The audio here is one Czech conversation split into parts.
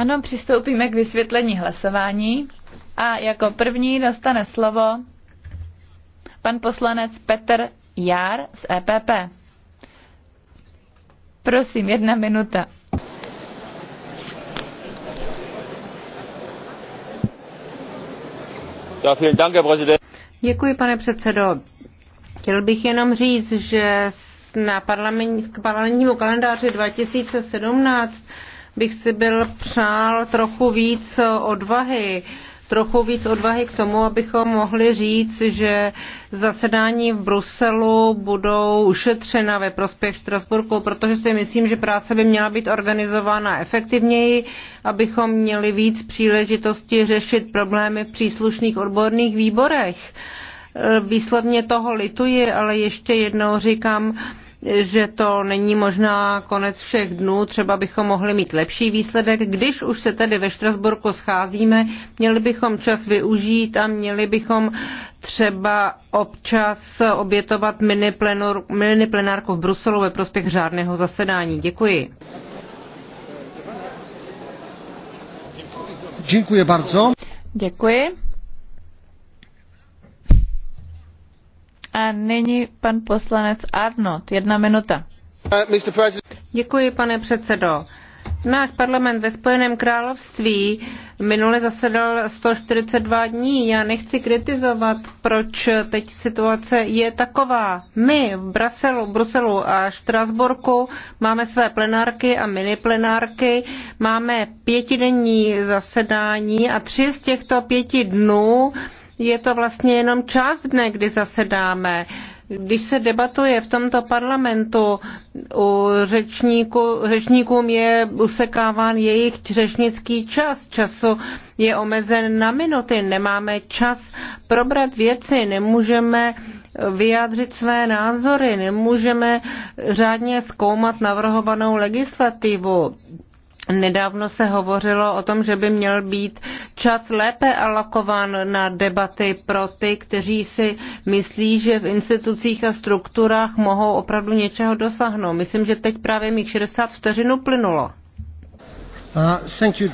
Ano, přistoupíme k vysvětlení hlasování a jako první dostane slovo pan poslanec Petr Jár z EPP. Prosím, jedna minuta. Děkuji, pane předsedo. Chtěl bych jenom říct, že na parlamentním k parlamentnímu kalendáři 2017 bych si byl přál trochu víc odvahy trochu víc odvahy k tomu, abychom mohli říct, že zasedání v Bruselu budou ušetřena ve prospěch Štrasburku, protože si myslím, že práce by měla být organizována efektivněji, abychom měli víc příležitosti řešit problémy v příslušných odborných výborech. Výslovně toho lituji, ale ještě jednou říkám, že to není možná konec všech dnů, třeba bychom mohli mít lepší výsledek. Když už se tedy ve Štrasburku scházíme, měli bychom čas využít a měli bychom třeba občas obětovat mini, plenur, mini plenárku v Bruselu ve prospěch řádného zasedání. Děkuji. Děkuji bardzo. Děkuji. A pan poslanec Jedna minuta. Děkuji, pane předsedající Náš parlament ve Spojeném království minule zasedal 142 dní. Já nechci kritizovat, proč teď situace je taková. My v Bruselu, Bruselu a Štrasburku máme své plenárky a miniplenárky plenárky, máme pětidenní zasedání a tři z těchto pěti dnů je to vlastně jenom část dne, kdy zasedáme. Když se debatuje v tomto parlamentu, u řečníku, řečníkům je usekáván jejich řečnický čas. Času je omezen na minuty, nemáme čas probrat věci, nemůžeme vyjádřit své názory, nemůžeme řádně zkoumat navrhovanou legislativu. Nedávno se hovořilo o tom, že by měl být čas lépe alokován na debaty pro ty, kteří si myslí, že v institucích a strukturách mohou opravdu něčeho dosáhnout. Myslím, že teď právě mi 60 vteřinu plynulo. Uh, you,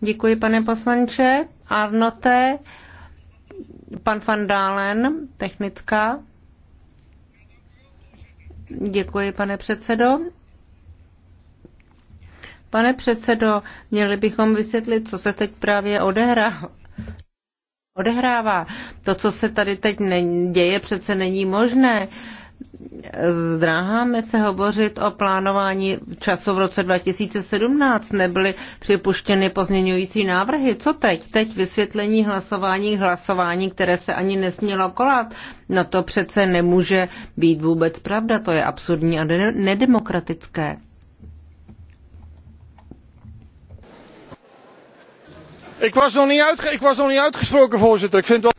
Děkuji, pane poslanče. Arnote, pan van Dalen, technická. Děkuji, pane předsedo. Pane předsedo, měli bychom vysvětlit, co se teď právě odehrává. Odehrává. To, co se tady teď děje, přece není možné. Zdráháme se hovořit o plánování času v roce 2017. Nebyly připuštěny pozměňující návrhy. Co teď? Teď vysvětlení hlasování hlasování, které se ani nesmělo kolat. No to přece nemůže být vůbec pravda. To je absurdní a nedemokratické. Ik was nog niet, uitge ik was nog niet uitgesproken, voorzitter. Ik vind wel...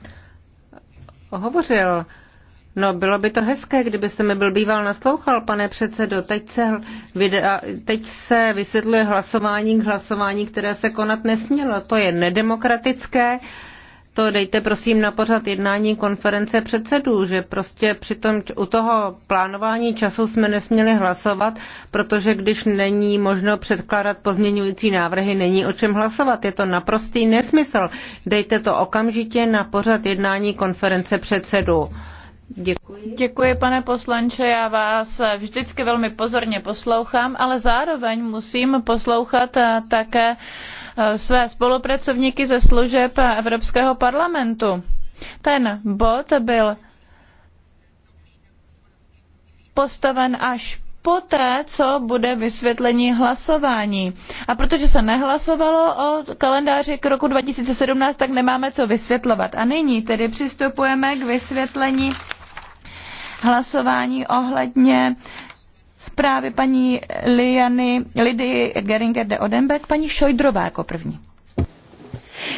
Hovořil. No, bylo by to hezké, kdybyste mi byl býval naslouchal, pane předsedo. Teď se, videa, teď se vysvětluje hlasování k hlasování, které se konat nesmělo. To je nedemokratické. Uh, to dejte prosím na pořad jednání konference předsedů, že prostě při tom, u toho plánování času jsme nesměli hlasovat, protože když není možno předkládat pozměňující návrhy, není o čem hlasovat. Je to naprostý nesmysl. Dejte to okamžitě na pořad jednání konference předsedů. Děkuji. Děkuji, pane poslanče. Já vás vždycky velmi pozorně poslouchám, ale zároveň musím poslouchat eh, také Eh, své spolupracovníky ze služeb Evropského parlamentu. Ten bod byl postaven až poté, co bude vysvětlení hlasování. A protože se nehlasovalo o kalendáři k roku 2017, tak nemáme co vysvětlovat. A nyní tedy přistupujeme k vysvětlení hlasování ohledně zprávy paní Liany, Lidy Geringer de Odenberg, paní Šojdrová jako první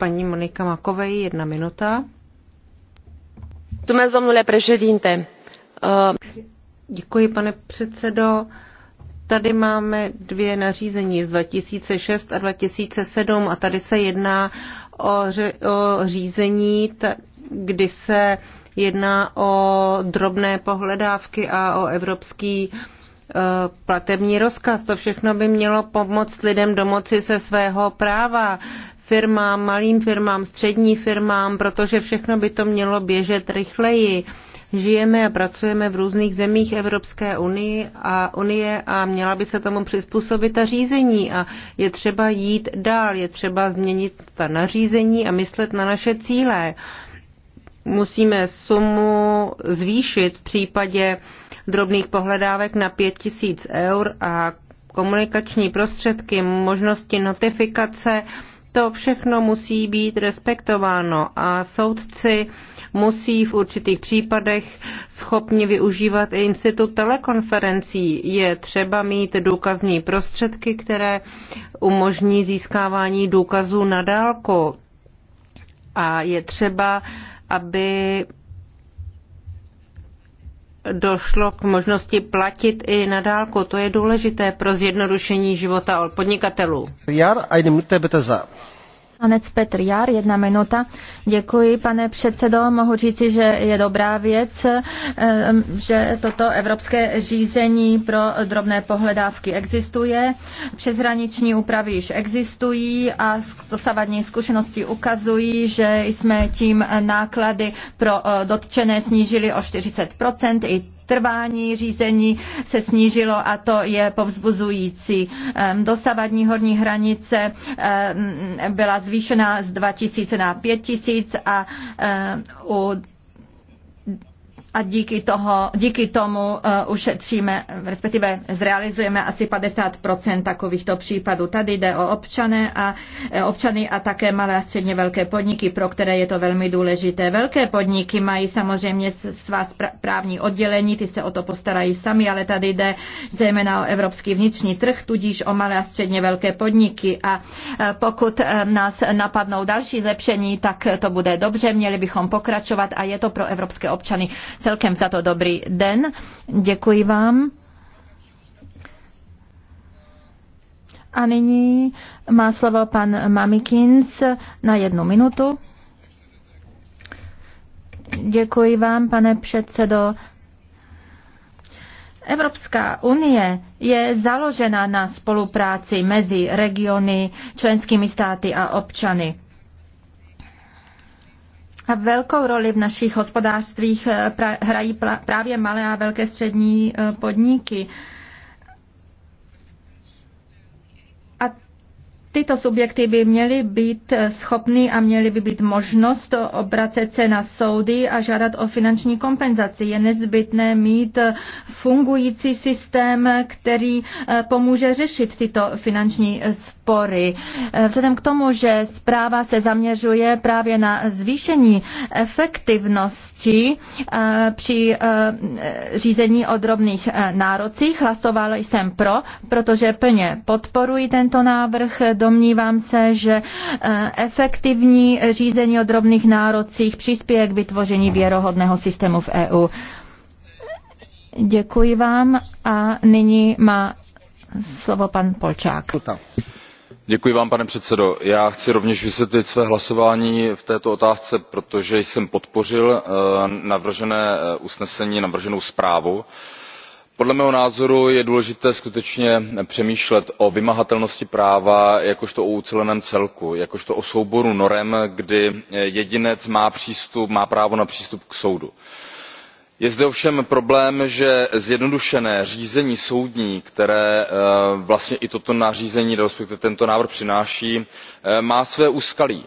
Paní Monika Makovej, jedna minuta. Uh, děkuji, pane předsedo. Tady máme dvě nařízení z 2006 a 2007 a tady se jedná o, ře, o řízení, kdy se jedná o drobné pohledávky a o evropský uh, platební rozkaz. To všechno by mělo pomoct lidem domoci se svého práva firmám, malým firmám, střední firmám, protože všechno by to mělo běžet rychleji. Žijeme a pracujeme v různých zemích Evropské unie a, unie a měla by se tomu přizpůsobit ta řízení a je třeba jít dál, je třeba změnit ta nařízení a myslet na naše cíle. Musíme sumu zvýšit v případě drobných pohledávek na 5000 eur a komunikační prostředky, možnosti notifikace, to všechno musí být respektováno a soudci musí v určitých případech schopni využívat i institut telekonferencí. Je třeba mít důkazní prostředky, které umožní získávání důkazů na dálku. A je třeba, aby došlo k možnosti platit i na dálku. To je důležité pro zjednodušení života podnikatelů. Jar, eine Minute bitte za. Poslanec Petr Jar, jedna minuta. Děkuji, pane předsedo. Mohu říci, že je dobrá věc, ehm, že toto evropské řízení pro drobné pohledávky existuje. Přeshraniční úpravy již existují a dosavadní zkušenosti ukazují, že jsme tím náklady pro eh, dotčené snížili o 40 I trvání řízení se snížilo a to je povzbuzující. Dosavadní horní hranice byla zvýšena z 2000 na 5000 a u a díky, toho, díky tomu uh, ušetříme, respektive zrealizujeme asi 50 takovýchto případů. Tady jde o občany a, eh, občany a také malé a středně velké podniky, pro které je to velmi důležité. Velké podniky mají samozřejmě svá právní oddělení, ty se o to postarají sami, ale tady jde zejména o evropský vnitřní trh, tudíž o malé a středně velké podniky. A eh, pokud nás napadnou další zlepšení, tak to bude dobře, měli bychom pokračovat a je to pro evropské občany celkem za to dobrý den. Děkuji vám. A nyní má slovo pan Mamikins na jednu minutu. Děkuji vám, pane předsedo. Evropská unie je založena na spolupráci mezi regiony, členskými státy a občany. Velkou roli v našich hospodářstvích eh, hrají právě malé a velké střední eh, podniky. Tyto subjekty by měly být schopny a měly by být možnost obracet se na soudy a žádat o finanční kompenzaci. Je nezbytné mít fungující systém, který eh, pomůže řešit tyto finanční spory. Eh, vzhledem k tomu, že zpráva se zaměřuje právě na zvýšení efektivnosti eh, při řízení o drobných nárocích, hlasoval jsem pro, protože plně podporuji tento návrh domnívám se, že eh, efektivní řízení o drobných nárocích přispěje k vytvoření věrohodného systému v EU. Děkuji vám a nyní má slovo pan Polčák. Děkuji vám, pane předsedo. Já chci rovněž vysvětlit své hlasování v této otázce, protože jsem podpořil eh, navržené eh, usnesení, navrženou zprávu podle mého názoru je důležité skutečně přemýšlet o vymahatelnosti práva jakožto o uceleném celku jakožto o souboru norem kdy jedinec má právo na přístup k soudu. je zde ovšem problém že zjednodušené řízení soudní které eh, vlastně i toto nařízení respektive tento návrh přináší eh, má své úskalí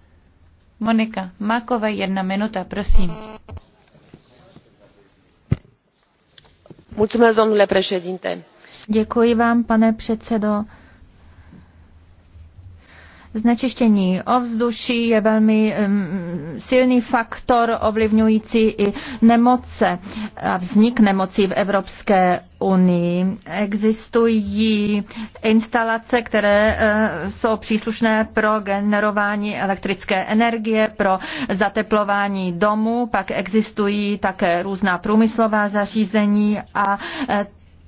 Monika Mákové, jedna minuta, prosím. Děkuji vám, pane předsedo. Znečištění ovzduší je velmi um, silný faktor ovlivňující i nemoce a vznik nemocí v Evropské unii. Existují instalace, které uh, jsou příslušné pro generování elektrické energie, pro zateplování domů, pak existují také různá průmyslová zařízení a uh,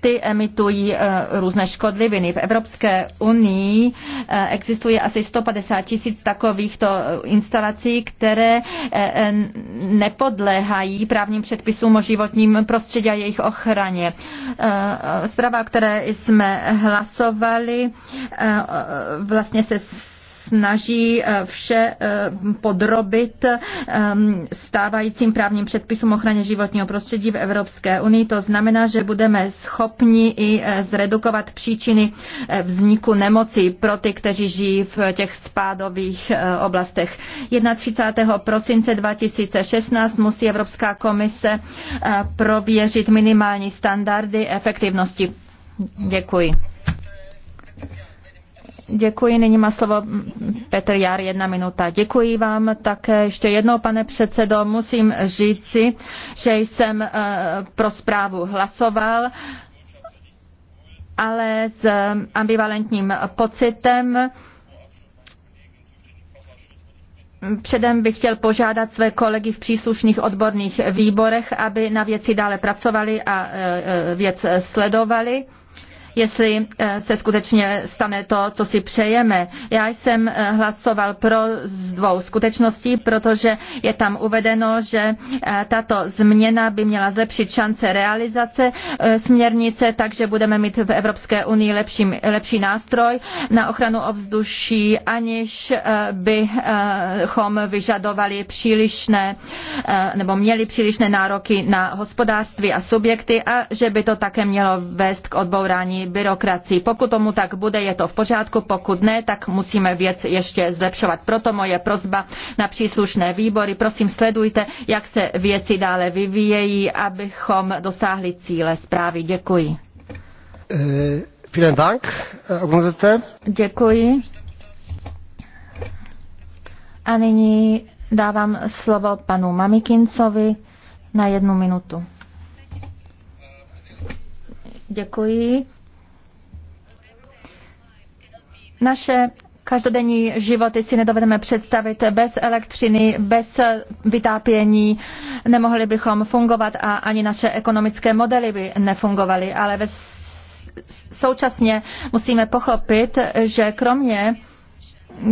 ty emitují eh, různé škodliviny. V Evropské unii eh, existuje asi 150 tisíc takovýchto eh, instalací, které nepodléhají právním předpisům o životním prostředí a jejich ochraně. Zpráva, o které jsme hlasovali, vlastně se snaží eh, vše eh, podrobit eh, stávajícím právním předpisům ochraně životního prostředí v Evropské unii. To znamená, že budeme schopni i zredukovat příčiny vzniku nemocí pro ty, kteří žijí v těch spádových oblastech. 31. prosince 2016 musí Evropská komise prověřit minimální standardy efektivnosti. Děkuji. Děkuji, nyní má slovo Petr Jar, jedna minuta. Děkuji vám také ještě jednou, pane předsedo. Musím říci, že jsem eh, pro zprávu hlasoval ale s eh, ambivalentním pocitem. Předem bych chtěl požádat své kolegy v příslušných odborných výborech, aby na věci dále pracovali a eh, věc sledovali jestli eh, se skutečně stane to, co si přejeme. Já jsem eh, hlasoval pro z dvou skutečností, protože je tam uvedeno, že eh, tato změna by měla zlepšit šance realizace směrnice, takže budeme mít v Evropské unii lepší, lepší nástroj na ochranu ovzduší, aniž bychom vyžadovali přílišné nebo měli přílišné nároky na hospodářství a subjekty a že by to také mělo vést k odbourání byrokracii. Pokud tomu tak bude, je to v pořádku, pokud ne, tak musíme věc ještě zlepšovat. Proto moje prozba na příslušné výbory. Prosím, sledujte, jak se věci dále vyvíjejí, abychom dosáhli cíle zprávy. Děkuji. Eh, vielen Dank. Eh, Děkuji. A nyní dávám slovo panu Mamikincovi na jednu minutu. Děkuji. Naše každodenní životy si nedovedeme představit bez elektřiny, bez vytápění. Nemohli bychom fungovat a ani naše ekonomické modely by nefungovaly, ale ve současně musíme pochopit, že kromě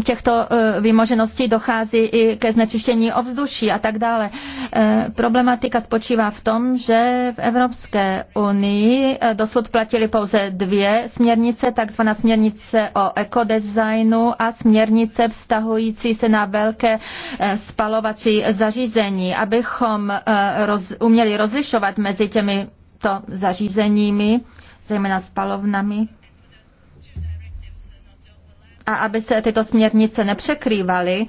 těchto eh, vymožeností dochází i ke znečištění ovzduší a tak dále. Eh, problematika spočívá v tom, že v Evropské unii eh, dosud platily pouze dvě směrnice, takzvaná směrnice o ekodesignu a směrnice vztahující se na velké spalovací zařízení. Abychom roz, uměli rozlišovat mezi těmito zařízeními, zejména spalovnami, a aby se tyto směrnice nepřekrývaly,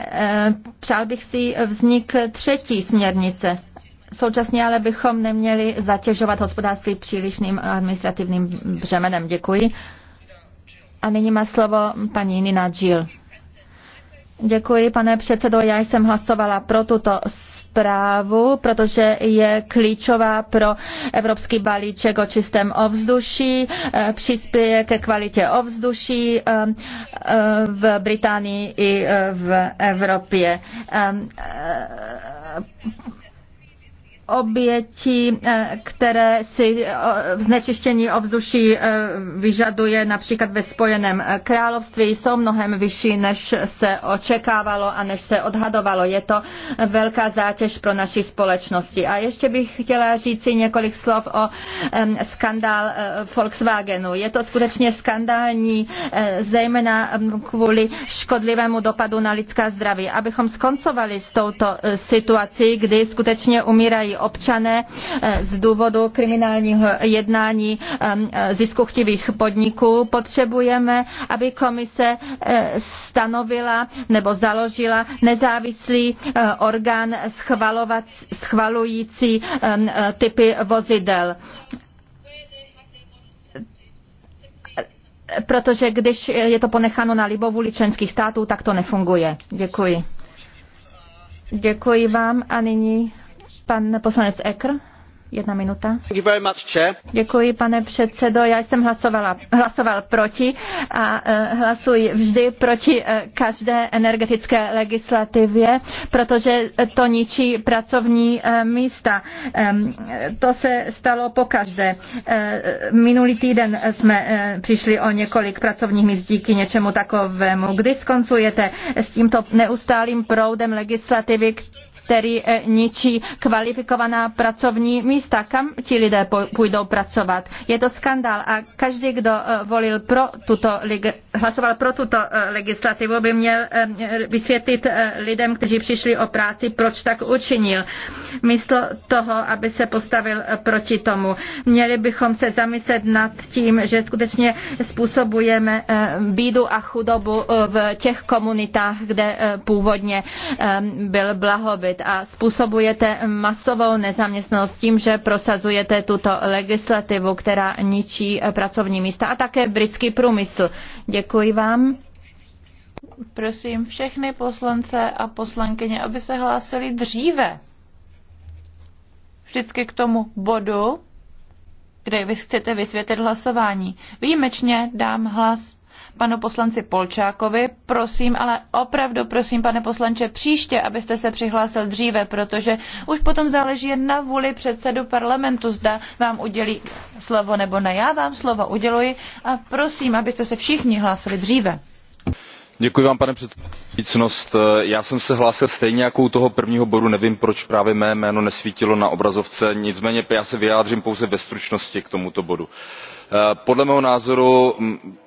eh, přál bych si vznik třetí směrnice. Současně ale bychom neměli zatěžovat hospodářství přílišným administrativním břemenem. Děkuji. A nyní má slovo paní Nina Jill. Děkuji, pane předsedo. Já jsem hlasovala pro tuto zprávu, protože je klíčová pro evropský balíček o čistém ovzduší, eh, přispěje ke kvalitě ovzduší eh, eh, v Británii i v Evropě oběti, eh, které si eh, znečištění ovzduší eh, vyžaduje například ve Spojeném království, jsou mnohem vyšší, než se očekávalo a než se odhadovalo. Je to velká zátěž pro naši společnosti. A ještě bych chtěla si několik slov o skandál Volkswagenu. Je to skutečně skandální, zejména kvůli škodlivému dopadu na lidská zdraví. Abychom skoncovali s touto situací, kdy skutečně umírají občané eh, z důvodu kriminálního jednání eh, ziskuchtivých podniků. Potřebujeme, aby komise eh, stanovila nebo založila nezávislý orgán schvalující typy vozidel. protože když je to ponecháno na libovůli členských států, tak to nefunguje. Děkuji. Děkuji vám a nyní Pan poslanec Ekr. Jedna minuta. Děkuji, pane předsedo. Já jsem hlasovala, hlasoval proti a e, hlasuji vždy proti e, každé energetické legislativě, protože to ničí pracovní e, místa. To se stalo po každé. Minulý týden jsme přišli o několik pracovních míst díky něčemu takovému. Kdy skoncujete s tímto neustálým proudem legislativy, který eh, ničí kvalifikovaná pracovní místa. Kam ti lidé půjdou pracovat? Je to skandál a každý, kdo eh, volil pro tuto, hlasoval pro tuto eh, legislativu, by měl vysvětlit lidem, kteří přišli o práci, proč tak učinil. Místo toho, aby se postavil proti tomu. Měli bychom se zamyslet nad tím, že skutečně způsobujeme bídu a chudobu v těch komunitách, kde původně byl blahobyt urychlit a způsobujete masovou nezaměstnanost tím, že prosazujete tuto legislativu, která ničí eh, pracovní místa a také britský průmysl. Děkuji vám. Prosím všechny poslance a poslankyně, aby se hlásili dříve. Vždycky k tomu bodu, kde vy chcete vysvětlit hlasování. Výjimečně dám hlas panu poslanci Polčákovi. Prosím, ale opravdu prosím, pane poslanče, příště, abyste se přihlásil dříve, protože už potom záleží jen na vůli předsedu parlamentu, zda vám udělí slovo nebo ne. Já vám slovo uděluji a prosím, abyste se všichni hlásili dříve. Děkuji vám, pane předsedající já jsem se hlásil stejně jako u toho prvního bodu nevím proč právě mé jméno nesvítilo na obrazovce nicméně já se vyjádřím pouze ve stručnosti k tomuto bodu. podle mého názoru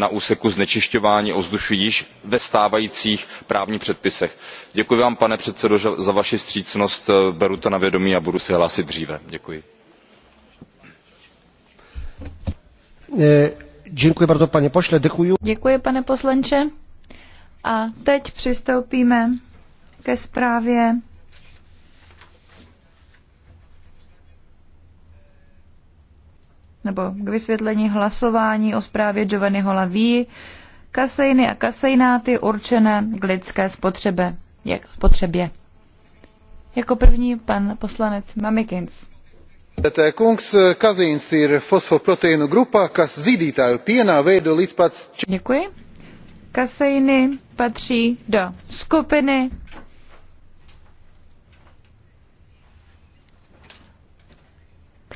na úseku znečišťování ovzduší již ve stávajících právních předpisech. děkuji vám pane předsedo za vaši vstřícnost beru to na vědomí a budu se hlásit dříve. děkuji. Eh, děkuji, pane pošle. Děkuji. pane poslanče a teď přistoupíme ke zprávě nebo k vysvětlení hlasování o zprávě Giovanniho Laví kasejny a kasejnáty určené k lidské spotřebe, jak potřebě. Jako první pan poslanec Mamikins. Kungs, kazeins ir fosfoproteinu grupa, kas zidītāju pienā veido līdz Děkuji. Kasejny patří do skupiny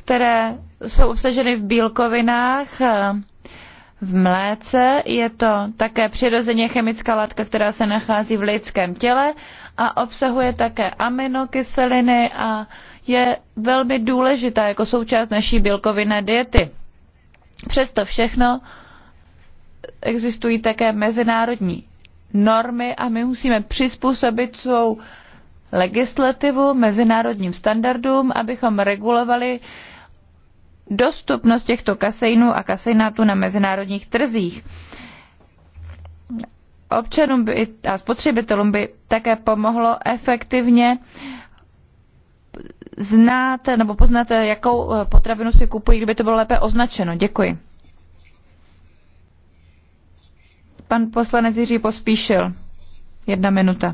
které jsou obsaženy v bílkovinách, eh, v mléce. Je to také přirozeně chemická látka, která se nachází v lidském těle a obsahuje také aminokyseliny a je velmi důležitá jako součást naší bílkovinné diety. Přesto všechno existují také mezinárodní normy a my musíme přizpůsobit svou legislativu mezinárodním standardům, abychom regulovali uh, dostupnost těchto kasejnů a kasejnátů na mezinárodních trzích. Občanům by a spotřebitelům by také pomohlo efektivně znát nebo poznat, jakou eh, potravinu si kupují, kdyby to bylo lépe označeno. Děkuji. Pan poslanec Jiří Pospíšil. Jedna minuta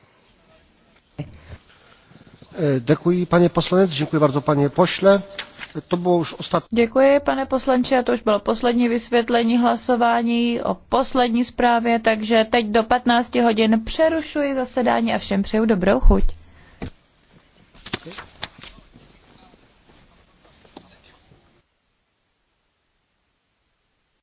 E, děkuji, pane poslanec, děkuji bardzo, pane pošle. To bylo už ostatní. Děkuji, pane poslanče, a to už bylo poslední vysvětlení hlasování o poslední zprávě, takže teď do 15 hodin přerušuji zasedání a všem přeju dobrou chuť. Okay.